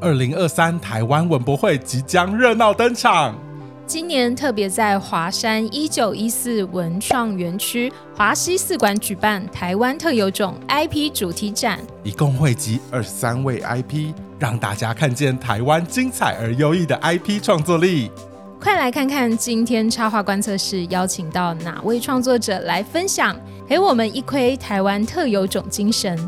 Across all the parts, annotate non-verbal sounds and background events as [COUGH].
二零二三台灣文博會即將熱鬧登場，今年特別在華山一九一四文創園區華西四館舉辦台灣特有種 IP 主題展，一共匯集二十三位 IP，讓大家看見台灣精彩而優異的 IP 創作力。快來看看今天插畫觀測室邀請到哪位創作者來分享，給我們一窺台灣特有種精神。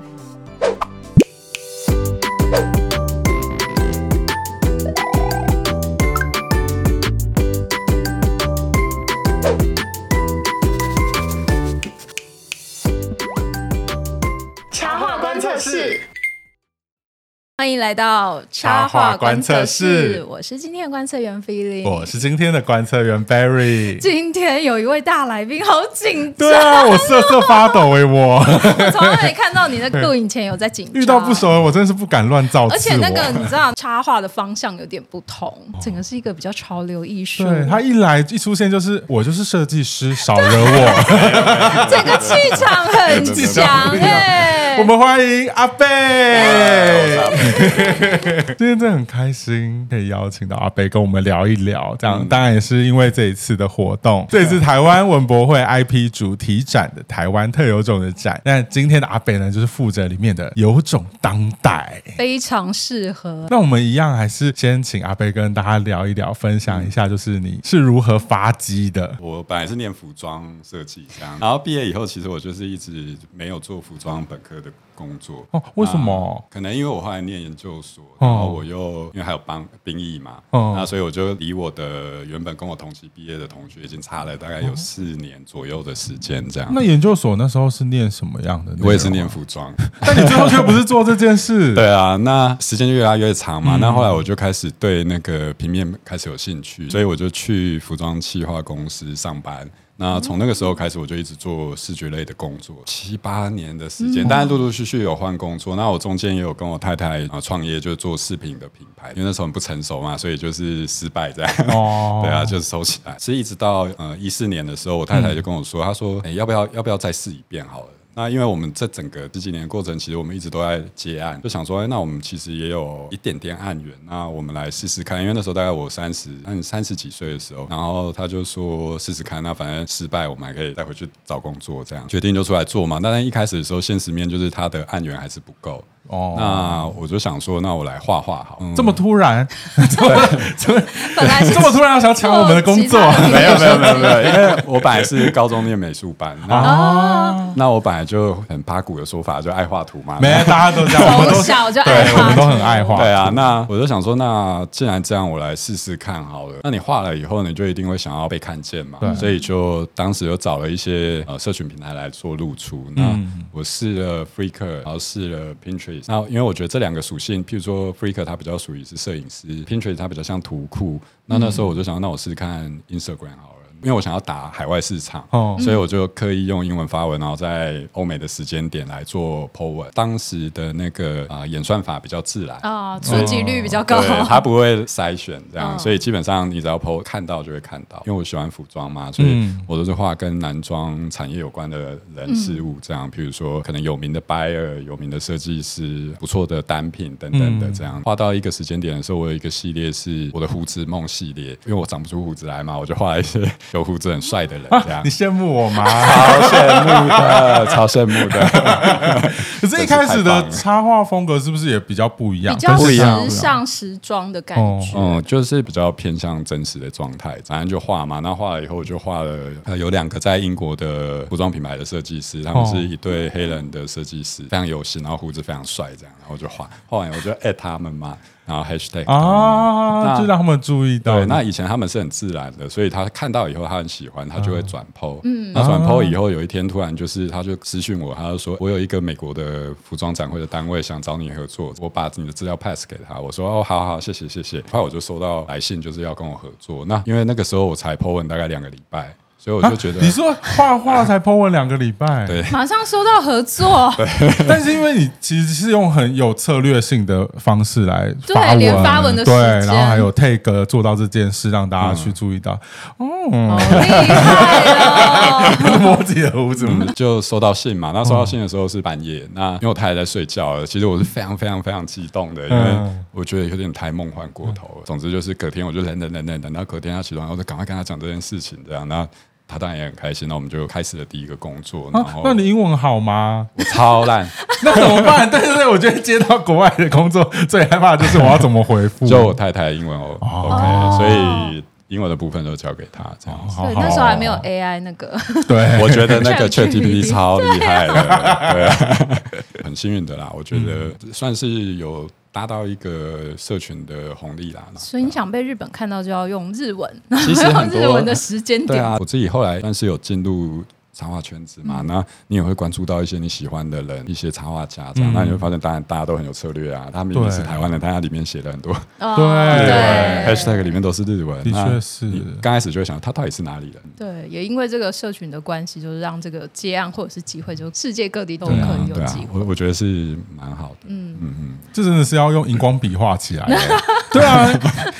歡迎來到插畫觀測室，測室我是今天的觀測員 Feeling，我是今天的觀測員 Barry。今天有一位大來賓，好緊張、哦，對啊，我瑟瑟發抖哎我。 [LAUGHS] 我從來沒看到你的錄影前有在緊張？對，遇到不熟的我真的是不敢亂造，而且那個你知道插畫的方向有點不同，整個是一個比較潮流藝術。對，他一來一出現就是我就是設計師，對少惹我，整 [LAUGHS] 個氣場很強哎。嘿我們歡迎阿貝。對 [LAUGHS] [LAUGHS] 今天真的很開心，可以邀請到阿貝跟我們聊一聊。這樣當然也是因為這一次的活動，這次台灣文博會 IP 主題展的台灣特有種的展。那今天的阿貝呢，就是負責裡面的有種當代，非常適合。那我們一樣還是先請阿貝跟大家聊一聊，分享一下，就是你是如何發跡的？我本來是念服裝設計這樣，然後畢業以後，其實我就是一直沒有做服裝本科的。工作哦？啊、那為什麼？可能因為我後來念研究所，然後我又、哦、因為還有幫兵役嘛，哦、那所以我就離我的原本跟我同期畢業的同學已經差了大概有四年左右的時間。這樣、哦，那研究所那時候是念什麼樣的？我也是念服裝， [LAUGHS] 但你最後卻不是做這件事。 [LAUGHS] 對啊，那時間越來越長嘛，那後來我就開始對那個平面開始有興趣，所以我就去服裝企劃公司上班。那從那個時候開始，我就一直做視覺類的工作，七八年的時間，當然陸陸續續有換工作。那我中間也有跟我太太啊創業，就是做飾品的品牌，因為那時候很不成熟嘛，所以就是失敗這樣。哦，對啊，就是收起來。所以一直到呃一四年的時候，我太太就跟我說，她說，欸：“要不要要不要再試一遍好了？”那因為我們這整個十幾年過程，其實我們一直都在接案，就想說，哎，那我們其實也有一點點案源，那我們來試試看。因為那時候大概我三十、嗯三十幾歲的時候，然後他就說試試看，那反正失敗我們還可以再回去找工作這樣，決定就出來做嘛。但是一開始的時候，現實面就是他的案源還是不夠。哦，那我就想說，那我來畫畫好。這麼突然，怎麼本來這麼突然想搶我們的工作？沒有沒有沒有，因為我本來是高中念美術班，哦，那我本來就很八股的說法，就愛畫圖嘛，沒大家都這樣，從小就對我們都很愛畫，對啊，那我就想說，那既然這樣，我來試試看好了。那你畫了以後，你就一定會想要被看見嘛，對，所以就當時有找了一些呃社群平台來做露出。那我試了 Flickr，然後試了 Pinterest。那因為我覺得這兩個屬性，譬如說 Flickr 它比較屬於是攝影師，Pinterest 它比較像圖庫。那那時候我就想，那我試試看 Instagram 好了。因為我想要打海外市場，哦，嗯、所以我就刻意用英文發文，然後在歐美的時間點來做 PO 文。當時的那個啊、呃、演算法比較自然啊，觸及、哦嗯、率比較高，它不會篩選這樣，哦、所以基本上你只要 PO 看到就會看到。因為我喜歡服裝嘛，所以我都是畫跟男裝產業有關的人事物，這樣，嗯、比如說可能有名的 Buyer、有名的設計師、不錯的單品等等的這樣。畫到一個時間點的時候，我有一個系列是我的鬍子夢系列，因為我長不出胡子來嘛，我就畫一些。 [LAUGHS] 有鬍子很帥的人，這樣、啊、你羨慕我嗎？超羨慕的， [LAUGHS] 超羨慕的。 [LAUGHS] 可是，一開始的插畫風格是不是也比較不一樣？不一樣，比較時尚、時裝的感覺。嗯，就是比較偏向真實的狀態。哦、反正就畫嘛，那畫了以後我就畫了。呃、有兩個在英國的服裝品牌的設計師，他們是一對黑人的設計師，非常有型，然後鬍子非常帥，這樣，然後就畫。後來我就 at、欸、他們嘛。 [LAUGHS] 然後 hashtag 啊，就讓他們注意到。對，那以前他們是很自然的，所以他看到以後他很喜歡，他就會轉 Po、啊、嗯，那轉 Po 以後，有一天突然就是，他就私信我，他就說：“我有一個美國的服裝展會的單位想找你合作，我把你的資料 pass 給他。”我說：“哦，好好，謝謝，謝謝。”後來我就收到來信，就是要跟我合作。那因為那個時候我才 Po 完大概兩個禮拜。所以我就覺得，你說畫畫才 po 完兩個禮拜，對，馬上收到合作，對。 [LAUGHS] 但是因為你其實是用很有策略性的方式來發文，就連發文的時間。對，然後還有 take 做到這件事，讓大家去注意到，嗯，哦、厲、哦、 [LAUGHS] 摸自己的鬍子、嗯。就收到信嘛，那收到信的時候是半夜，那因為我太太在睡覺了，其實我是非常非常非常激動的，因為我覺得有點太夢幻過頭了。嗯、總之就是隔天我就等等等等，等到隔天他起床，我就趕快跟他講這件事情，這樣，那。他當然也很開心，那我們就開始了第一個工作。然後、啊，那你英文好嗎？我超爛，那怎麼辦？對對對，我覺得接到國外的工作，最害怕的就是我要怎麼回覆。就我太太英文，我 OK，、哦、所以英文的部分都交給他這樣子。對好好那時候還沒有 AI 那個，對，我覺得那個 ChatGPT 超厲害的，對，、啊對啊，很幸運的啦，我覺得算是有。達到一個社群的紅利啦，所以你想被日本看到，就要用日文， [LAUGHS] 用日文其實很多的時間點。對啊，我自己後來算是有進入。插畫圈子嘛，那你也會關注到一些你喜歡的人，一些插畫家這樣，那你會發現，當然大家都很有策略啊。他明明是台灣人，但他裡面寫了很多。對，#hashtag 裡面都是日文。的確是，剛開始就會想，他到底是哪裡人？對，也因為這個社群的關係，就是讓這個接案或者是機會，就世界各地都可以有機會。我我覺得是蠻好的。嗯嗯嗯，這真的是要用熒光筆畫起來。對啊，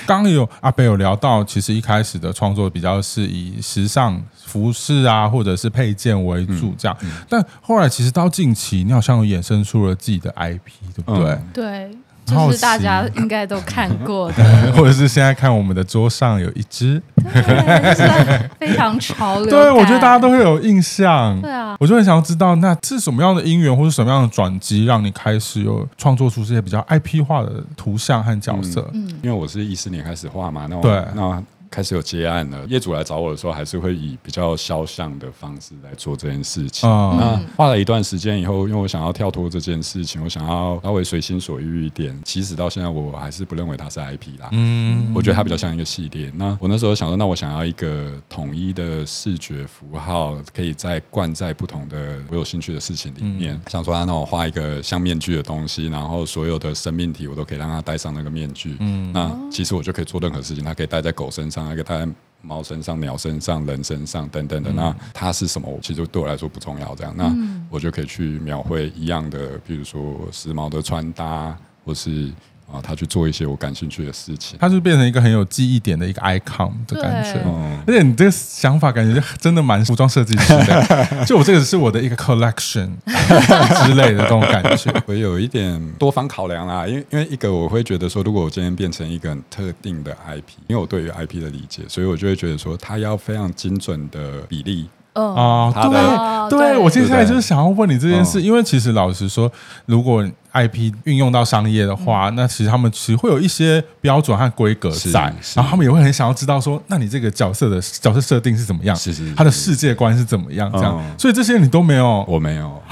剛有 Abei 有聊到，其實一開始的創作比較是以時尚服飾啊，或者是配。配件為主，這樣。嗯嗯、但後來其實到近期，你好像又衍生出了自己的 IP，對不、嗯、對？對級，就是大家應該都看過的， [LAUGHS] 或者是現在看我們的桌上有一隻，就是、非常潮流。對，我覺得大家都會有印象。對啊，我就很想要知道，那是什麼樣的因緣，或是什麼樣的轉機，讓你開始有創作出這些比較 IP 化的圖像和角色？嗯，因為我是一四年開始畫嘛，那我對，那。開始有接案了，業主來找我的時候，還是會以比較肖像的方式來做這件事情。Uh, 那畫了一段時間以後，因為我想要跳脫這件事情，我想要稍微隨心所欲一點。其實到現在，我還是不認為它是 IP 啦。嗯、mm，hmm. 我覺得它比較像一個系列。那我那時候想說，那我想要一個統一的視覺符號，可以再灌在不同的我有興趣的事情裡面。想、mm hmm. 說，那我畫一個像面具的東西，然後所有的生命體我都可以讓它戴上那個面具。嗯、mm，hmm. 那其實我就可以做任何事情，它可以戴在狗身上。拿一個在貓身上、鳥身上、人身上等等的，嗯、那它是什麼？其實對我來說不重要。這樣，那我就可以去描繪一樣的，嗯、比如說時髦的穿搭，或是。啊，他去做一些我感興趣的事情，他就變成一個很有記憶點的一個 icon 的感覺。對而且你這個想法感覺真的蠻服裝設計師的。 [LAUGHS] 就我這個是我的一個 collection 之類的這種感覺， [LAUGHS] 我有一點多方考量啦。因為因為一個我會覺得說，如果我今天變成一個很特定的 IP，因為我對於 IP 的理解，所以我就會覺得說，他要非常精準的比例。啊、哦的哦，對對，我接下來就是想要問你這件事，嗯、因為其實老實說，如果 IP 運用到商業的話，嗯、那其實他們其實會有一些標準和規格在，然後他們也會很想要知道說，那你這個角色的角色設定是怎麼樣？是、是、是他的世界觀是怎麼樣？這樣，嗯、所以這些你都沒有？我沒有。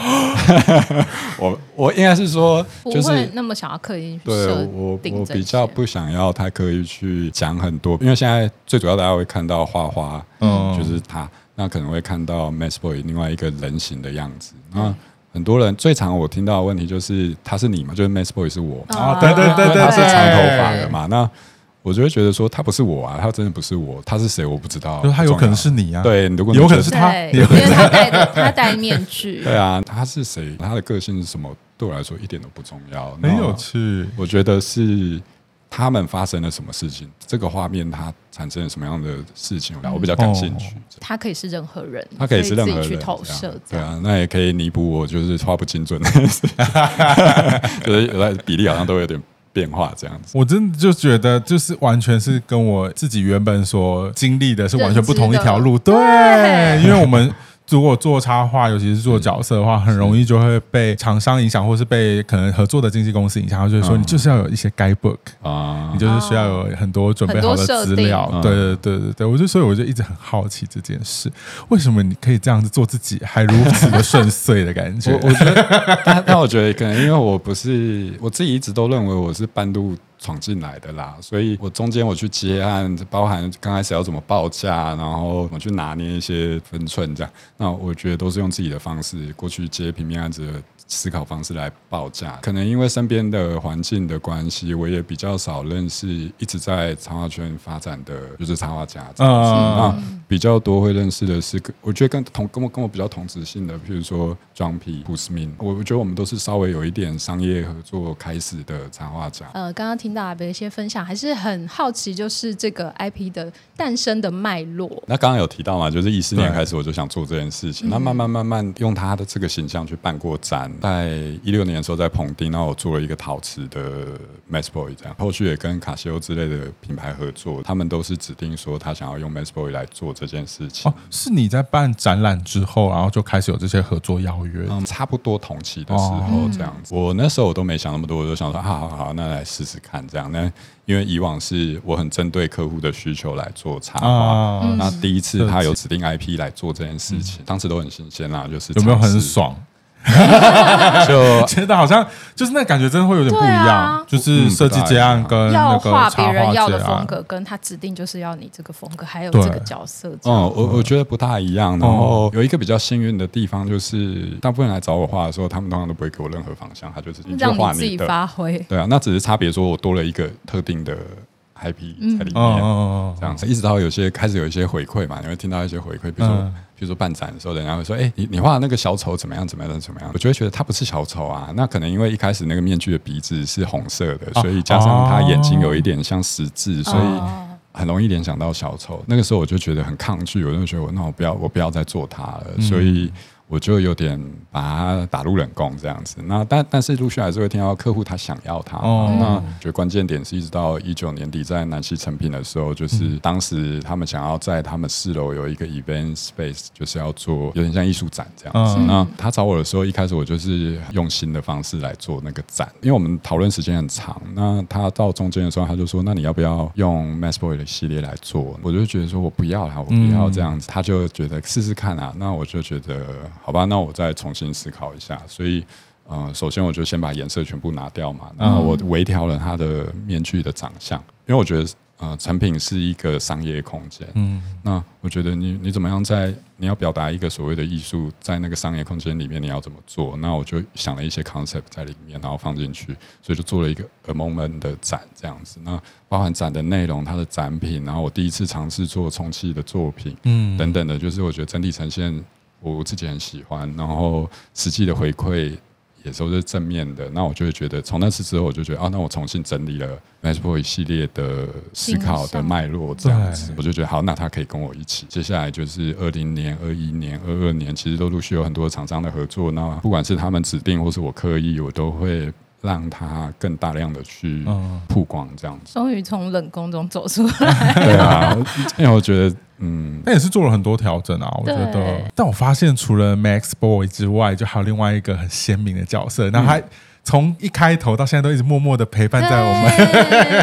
[LAUGHS] 我我應該是說、就是，不會那麼想要刻意去設定這些，對我我比較不想要太刻意去講很多，因為現在最主要大家會看到花花，嗯，就是他，那可能會看到 Max Boy 另外一個人形的樣子啊。很多人最常我聽到的問題就是，他是你嗎？就是 Mask Boy 是我嗎？啊，對對對對，他是長頭髮的嘛？對對對對，那我就會覺得說他不是我啊，他真的不是我，他是誰我不知道。就是他有可能是你啊，不的，對，你有可能是他，因為他戴的他戴面具。 [LAUGHS] 對啊，他是誰？他的個性是什麼？對我來說一點都不重要。很有趣，我覺得是。他們發生了什麼事情？這個畫面它產生了什麼樣的事情？我比較感興趣。它可以是任何人，它可以是任何人去投射。對啊，那也可以彌補我就是畫不精準，就是比例好像都有點變化這樣子。我真的就覺得，就是完全是跟我自己原本所經歷的是完全不同一條路。對，因為我們。如果做插畫，尤其是做角色的話，很容易就會被廠商影響，或是被可能合作的經紀公司影響。就是說、嗯、你就是要有一些 guidebook 啊、嗯，你就是需要有很多準備好的資料。對對對對對，我就所以我就一直很好奇這件事，為什麼你可以這樣子做自己，還如此的順遂的感覺？ [LAUGHS] 我，我覺得 [LAUGHS] 但，但我覺得可能因為我不是我自己一直都認為我是半路。闖進來的啦，所以我中間我去接案，包含剛開始要怎麼報價，然後怎麼去拿捏一些分寸這樣，那我覺得都是用自己的方式過去接平面案子。思考方式來報價，可能因為身邊的環境的關係，我也比較少認識一直在插畫圈發展的就是插畫家這樣子。嗯、那、嗯、比較多會認識的是，我覺得跟同跟我跟我比較同質性的，比如說裝皮普斯明，我我覺得我們都是稍微有一點商業合作開始的插畫家。呃，剛剛聽到阿北的一些分享，還是很好奇，就是這個 IP 的誕生的脈絡。那剛剛有提到嘛，就是一四年開始我就想做這件事情，嗯、那慢慢慢慢用他的這個形象去辦過展。在一六年的時候，在彭丁，那我做了一個陶瓷的 Mass Boy 這樣，後續也跟卡西歐之類的品牌合作，他們都是指定說他想要用 Mass Boy 來做這件事情。哦，是你在辦展覽之後，然後就開始有這些合作邀約、嗯，差不多同期的時候、哦嗯，這樣子。我那時候我都沒想那麼多，我就想說好、啊、好好，那來試試看這樣。那因為以往是我很針對客戶的需求來做插畫，啊嗯、那第一次他有指定 IP 來做這件事情，情嗯、當時都很新鮮啊，就是有沒有很爽？哈哈哈哈哈！覺得好像就是那感覺，真的會有點不一樣。啊、就是設計這、嗯、樣，跟要畫別人要的風格，跟他指定就是要你這個風格，還有這個角色。哦、嗯，我我覺得不大一樣。嗯、然後有一個比較幸運的地方，就是大部分人來找我畫的時候，他們通常都不會給我任何方向，他就自己就畫的讓自己發揮。對啊，那只是差別說，說我多了一個特定的。嗨皮，在裡面，這樣子一直到有些開始有一些回饋嘛，你會聽到一些回饋，比如說比如說辦展的時候，人家會說哎、欸，你你畫那個小丑怎麼樣？怎麼樣？怎麼樣？我就會覺得他不是小丑啊，那可能因為一開始那個面具的鼻子是紅色的，所以加上他眼睛有一點像十字，所以很容易聯想到小丑。那個時候我就覺得很抗拒，我就覺得我那我不要我不要再做他了，所以。我就有點把它打入冷宮這樣子。那但但是陸續還是會聽到客戶他想要它。哦。嗯、那覺得關鍵點是一直到一九年底在南西誠品的時候，就是當時他們想要在他們四樓有一個 event space，就是要做有點像藝術展這樣子。嗯、那他找我的時候，一開始我就是用新的方式來做那個展，因為我們討論時間很長。那他到中間的時候，他就說：“那你要不要用 Massboy 的系列來做？”我就覺得說：“我不要它，我不要這樣子。嗯”他就覺得試試看啊。那我就覺得。好吧，那我再重新思考一下。所以，呃，首先我就先把顏色全部拿掉嘛。那、嗯、我微調了他的面具的長相，因為我覺得，呃，成品是一個商業空間。嗯。那我覺得你，你你怎麼樣在你要表達一個所謂的藝術，在那個商業空間裡面你要怎麼做？那我就想了一些 concept 在裡面，然後放進去，所以就做了一個 a moment 的展這樣子。那包含展的內容，它的展品，然後我第一次嘗試做充氣的作品，嗯，等等的，就是我覺得整體呈現。我自己很喜歡，然後實際的回饋也都是正面的，那我就會覺得，從那次之後我就覺得啊，那我重新整理了 Mask Boy 系列的思考的脈絡這樣子，我就覺得好，那他可以跟我一起。接下來就是二零年、二一年、二二年，其實都陸續有很多廠商的合作。那不管是他們指定或是我刻意，我都會。讓他更大量的去曝光，這樣子。終於從冷宮中走出來。 [LAUGHS] 對啊，因為我覺得，嗯，那也是做了很多調整啊。我覺得，對 但我發現除了 Max Boy 之外，就還有另外一個很鮮明的角色，那他。嗯從一開頭到現在都一直默默的陪伴在我們對，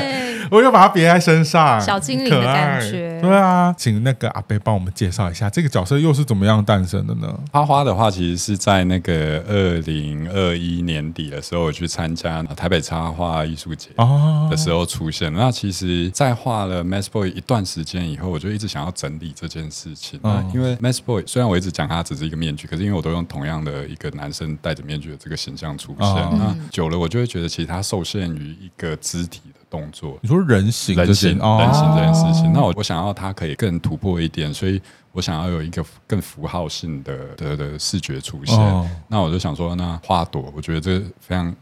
[LAUGHS] 我又把它別在身上，小精靈的感覺。對啊，請那個阿貝幫我們介紹一下這個角色又是怎麼樣誕生的呢？花花的話，其實是在那個二零二一年底的時候，我去參加台北插畫藝術節的時候出現。哦、那其實，在畫了 Mass Boy 一段時間以後，我就一直想要整理這件事情。哦、因為 Mass Boy 雖然我一直講它只是一個面具，可是因為我都用同樣的一個男生戴着面具的這個形象出現。哦嗯久了，我就會覺得其實它受限於一個肢體的動作。你說人形、哦，人形，人形這件事情，那我我想要它可以更突破一點，所以我想要有一個更符號性的的的視覺出現。哦、那我就想說，那花朵，我覺得這是非常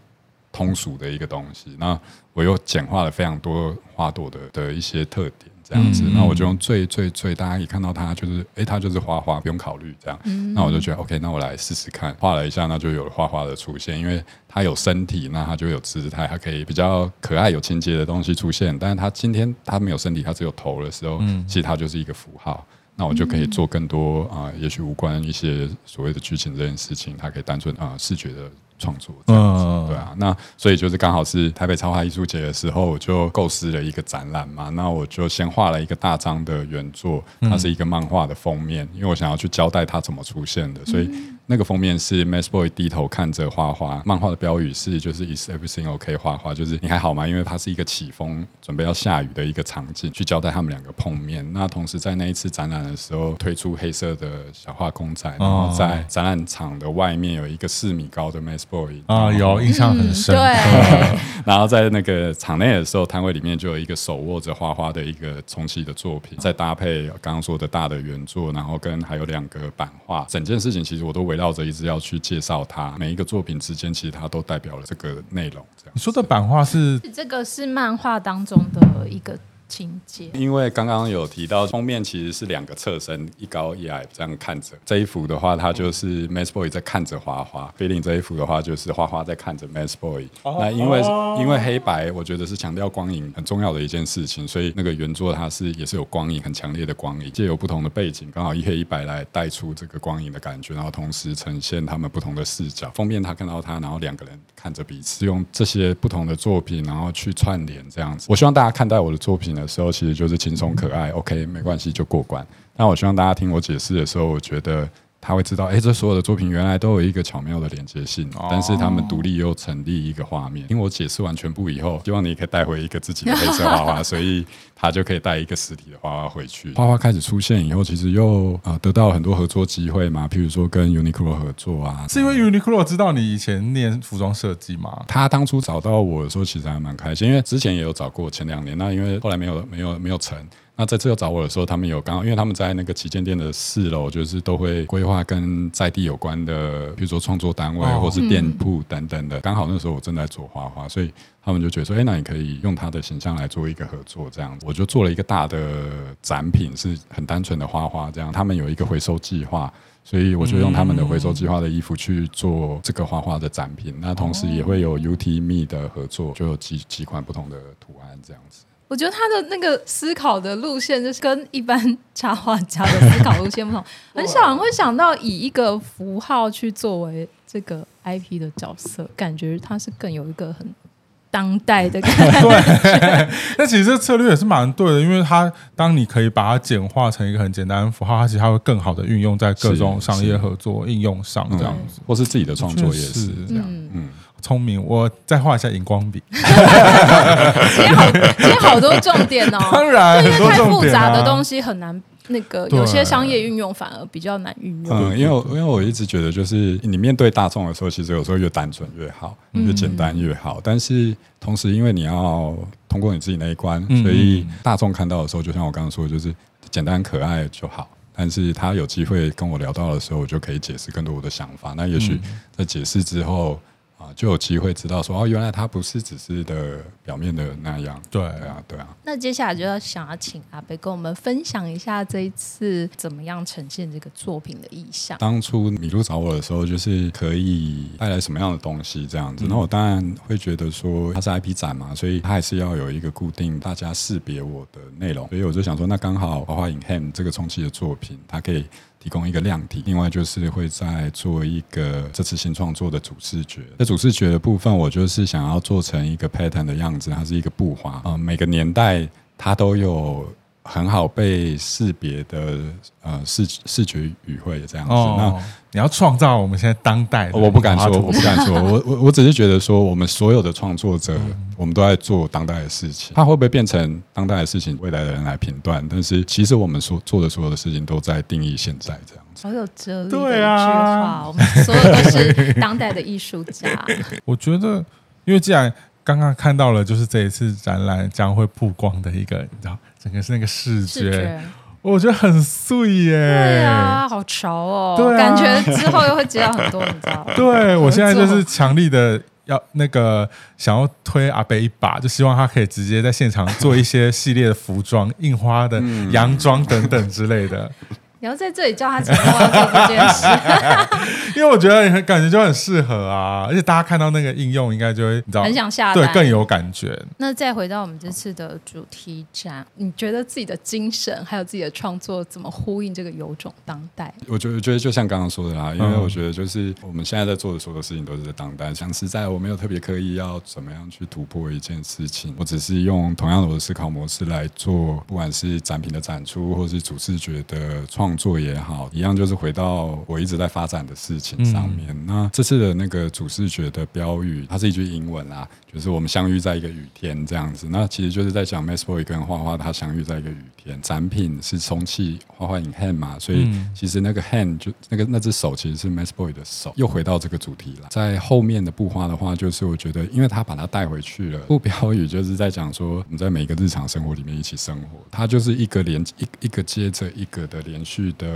通俗的一個東西。那我又簡化了非常多花朵的的一些特點。這樣子，那、嗯嗯、我就用最最最，大家一看到它就是，哎、欸，它就是花花，不用考慮這樣。嗯嗯，那我就覺得 OK，那我來試試看，畫了一下，那就有了花花的出現，因為它有身體，那它就有姿態，它可以比較可愛、有情節的東西出現。但是它今天它沒有身體，它只有頭的時候，嗯，其實它就是一個符號，那我就可以做更多啊、呃，也許無關一些所謂的劇情這件事情，它可以單純啊、呃，視覺的。創作這樣子，對啊，那所以就是剛好是台北超畫藝術節的時候，我就構思了一個展覽嘛，那我就先畫了一個大張的原作，它是一個漫畫的封面，因為我想要去交代它怎麼出現的，所以。嗯那個封面是 Mass Boy 低頭看着花花，漫畫的標語是就是 Is Everything OK？花花就是你還好嗎？因為它是一個起風準備要下雨的一個場景，去交代他們兩個碰面。那同時在那一次展覽的時候，推出黑色的小畫公仔，然後在展覽場的外面有一個四米高的 Mass Boy 啊、哦，有印象很深。嗯、對，對 [LAUGHS] 然後在那個場內的時候，攤位裡面就有一個手握着花花的一個充氣的作品，再搭配剛剛說的大的原作，然後跟還有兩個版畫，整件事情其實我都為。圍繞着一直要去介紹它，每一個作品之間其實它都代表了這個內容。這樣，你說的版畫是是這個，是漫畫當中的一個情節，因為剛剛有提到封面其實是兩個側身，一高一矮這樣看着。這一幅的話，它就是 Mas Boy 在看着花花，Feeling 這一幅的話，就是花花在看着 Mas Boy。啊、那因為、啊、因為黑白，我覺得是強調光影很重要的一件事情，所以那個原作它是也是有光影很強烈的光影，借由不同的背景，剛好一黑一白來帶出這個光影的感覺，然後同時呈現他們不同的視角。封面他看到他，然後兩個人看着彼此，用這些不同的作品，然後去串聯這樣子。我希望大家看待我的作品，的時候，其實就是輕鬆可愛，OK，沒關係，就過關。那我希望大家聽我解釋的時候，我覺得。他會知道，哎，這所有的作品原來都有一個巧妙的連接性，哦、但是他們獨立又成立一個畫面。聽我解釋完全部以後，希望你可以帶回一個自己的配色花花， [LAUGHS] 所以他就可以帶一個實體的花花回去。花花開始出現以後，其實又啊、呃、得到了很多合作機會嘛，譬如說跟 Uniqlo 合作啊。是因為 Uniqlo 知道你以前念服裝設計嗎？嗯、他當初找到我的時候，其實還蠻開心，因為之前也有找過前兩年，那因為後來沒有沒有沒有成。那這次找我的時候，他們有剛好，因為他們在那個旗艦店的四樓，就是都會規劃跟在地有關的，比如說創作單位或是店鋪等等的。剛好那時候我正在做花花，所以他們就覺得說，哎，那你可以用他的形象來做一個合作這樣子，我就做了一個大的展品，是很單純的花花這樣。他們有一個回收計劃。所以我就用他們的回收計劃的衣服去做這個畫畫的展品，嗯、那同時也會有 U T M e 的合作，就有幾幾款不同的圖案這樣子。我覺得他的那個思考的路線，就是跟一般插畫家的思考路線不同， [LAUGHS] 很少人會想到以一個符號去作為這個 I P 的角色，感覺他是更有一個很。當代的感覺， [LAUGHS] 對。那其實這策略也是蠻對的，因為它，當你可以把它簡化成一個很簡單的符號，它其實它會更好的運用在各種商業合作應用上，這樣子，嗯，或是自己的創作也是，是，是這樣。嗯，聰、嗯、明。我再畫一下熒光筆因為 [LAUGHS] 好，因為好多重點哦。 [LAUGHS] 當然，因為太複雜的東西很難。那個有些商業運用反而比較難運用。嗯，因為因為我一直覺得，就是你面對大眾的時候，其實有時候越單純越好，越簡單越好。嗯、但是同時，因為你要通過你自己那一關，所以大眾看到的時候，就像我剛剛說的，就是簡單可愛就好。但是他有機會跟我聊到的時候，我就可以解釋更多我的想法。那也許在解釋之後。嗯啊，就有機會知道說哦，原來他不是只是的表面的那樣。對啊，對啊。那接下來就要想要請阿貝跟我們分享一下這一次怎麼樣呈現這個作品的意象。當初米露找我的時候，就是可以帶來什麼樣的東西這樣子。嗯、然後我當然會覺得說，它是 IP 展嘛，所以它還是要有一個固定大家識別我的內容。所以我就想說，那剛好《花花影漢》這個充氣的作品，它可以。提供一個亮點，另外就是會再做一個這次新創作的主視覺，在主視覺的部分，我就是想要做成一個 pattern 的樣子，它是一個布花啊，嗯，每個年代它都有很好被識別的呃視視覺語彙這樣子。哦哦哦哦，那你要創造我們現在當代的，我不敢說，圖我不敢說， [LAUGHS] 我我我只是覺得說，我們所有的創作者， [LAUGHS] 我們都在做當代的事情，它會不會變成當代的事情，未來的人來評斷？但是其實我們所做的所有的事情，都在定義現在這樣子。好有哲理的一句話。對啊， [LAUGHS] 我們所有都是當代的藝術家。 [LAUGHS] [LAUGHS] 我覺得，因為既然剛剛看到了，就是這一次展覽將會曝光的一個，你知道。應該是那個視覺，視覺我覺得很碎耶，對啊，好潮哦，對啊，感覺之後又會接到很多，很多。 [LAUGHS] 對我現在就是強力的要那個想要推阿貝一把，就希望他可以直接在現場做一些系列的服裝、 [LAUGHS] 印花的、嗯、洋裝等等之類的。 [LAUGHS] 你要在這裡教他怎麼做這件事，因為我覺得很感覺就很適合啊，而且大家看到那個應用，應該就會你知道，很想下單。對，更有感覺。那再回到我們這次的主題展，oh. 你覺得自己的精神還有自己的創作，怎麼呼應這個有種當代？我覺得覺得就像剛剛說的啦，因為我覺得就是我們現在在做的所有的事情都是在當代。像實在，我沒有特別刻意要怎麼樣去突破一件事情，我只是用同樣的我的思考模式來做，不管是展品的展出，或是主視覺的創。做也好，一樣就是回到我一直在發展的事情上面。嗯，那這次的那個主視覺的標語，它是一句英文啦，就是我們相遇在一個雨天這樣子。那其實就是在講 Mass Boy 跟花花，他相遇在一個雨天。展品是充氣花花影 hand 嘛，所以其實那個 hand 就那個那只手其實是 Mass Boy 的手，又回到這個主題啦。在後面的布花的話，就是我覺得，因為他把它帶回去了。布標語就是在講說，我們在每個日常生活裡面一起生活，它就是一個連一一,一個接着一個的連續。去的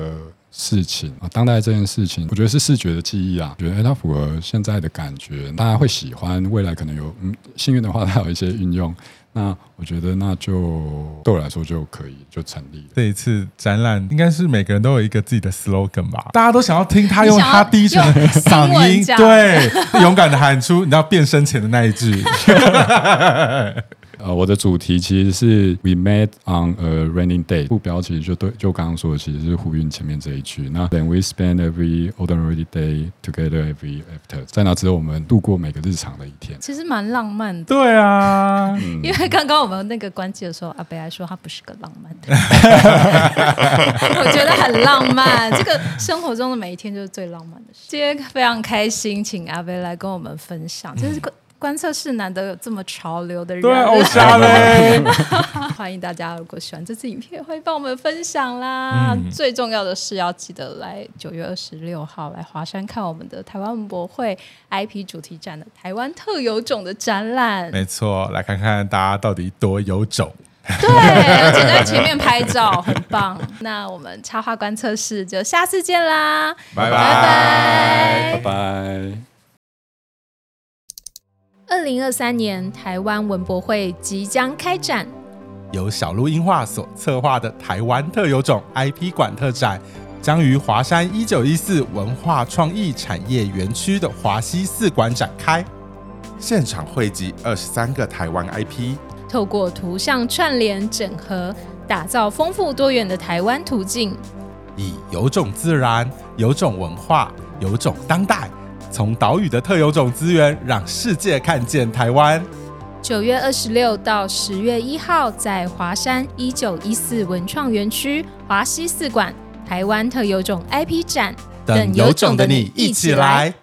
事情啊，當代這件事情，我覺得是視覺的記憶啊，覺得、欸、它符合現在的感覺，大家會喜歡，未來可能有嗯，幸運的話，它有一些運用，那我覺得那就對我來說就可以就成立了。這一次展覽應該是每個人都有一個自己的 slogan 吧，大家都想要聽他用他低沉的嗓音，對， [LAUGHS] 勇敢的喊出你要變身前的那一句。 [LAUGHS] [LAUGHS] 呃，我的主題其實是 We met on a rainy day，副標題就對，就剛剛說的，其實是呼應前面這一句。那 Then we spend every ordinary day together every after，在那之後，我們度過每個日常的一天，其實蠻浪漫的。對啊，嗯、因為剛剛我們那個關機的時候，阿北還說他不是個浪漫的人， [LAUGHS] 我覺得很浪漫。這個生活中的每一天就是最浪漫的事。今天非常開心，請阿北來跟我們分享，這是個。嗯觀測室難得有這麼潮流的人，對，歐夏勒！ [LAUGHS] 歡迎大家，如果喜歡這次影片，歡迎幫我們分享啦。嗯、最重要的是要記得來九月二十六號來華山看我們的台灣文博會 IP 主題展的台灣特有種的展覽。沒錯，來看看大家到底多有種。對，站在前面拍照， [LAUGHS] 很棒。那我們插畫觀測室就下次見啦，拜拜拜拜。Bye bye bye bye 二零二三年台灣文博會即將開展，由小路映畫所策劃的台灣特有種 IP 館特展，將於華山一九一四文化創意產業園區的華西四館展開。現場匯集二十三個台灣 IP，透過圖像串聯整合，打造豐富多元的台灣圖徑，以有種自然，有種文化，有種當代。從島嶼的特有種資源，讓世界看見台灣。九月二十六到十月一號，在華山一九一四文創園區華西四館“台灣特有種 IP 展”，等有種的你一起來。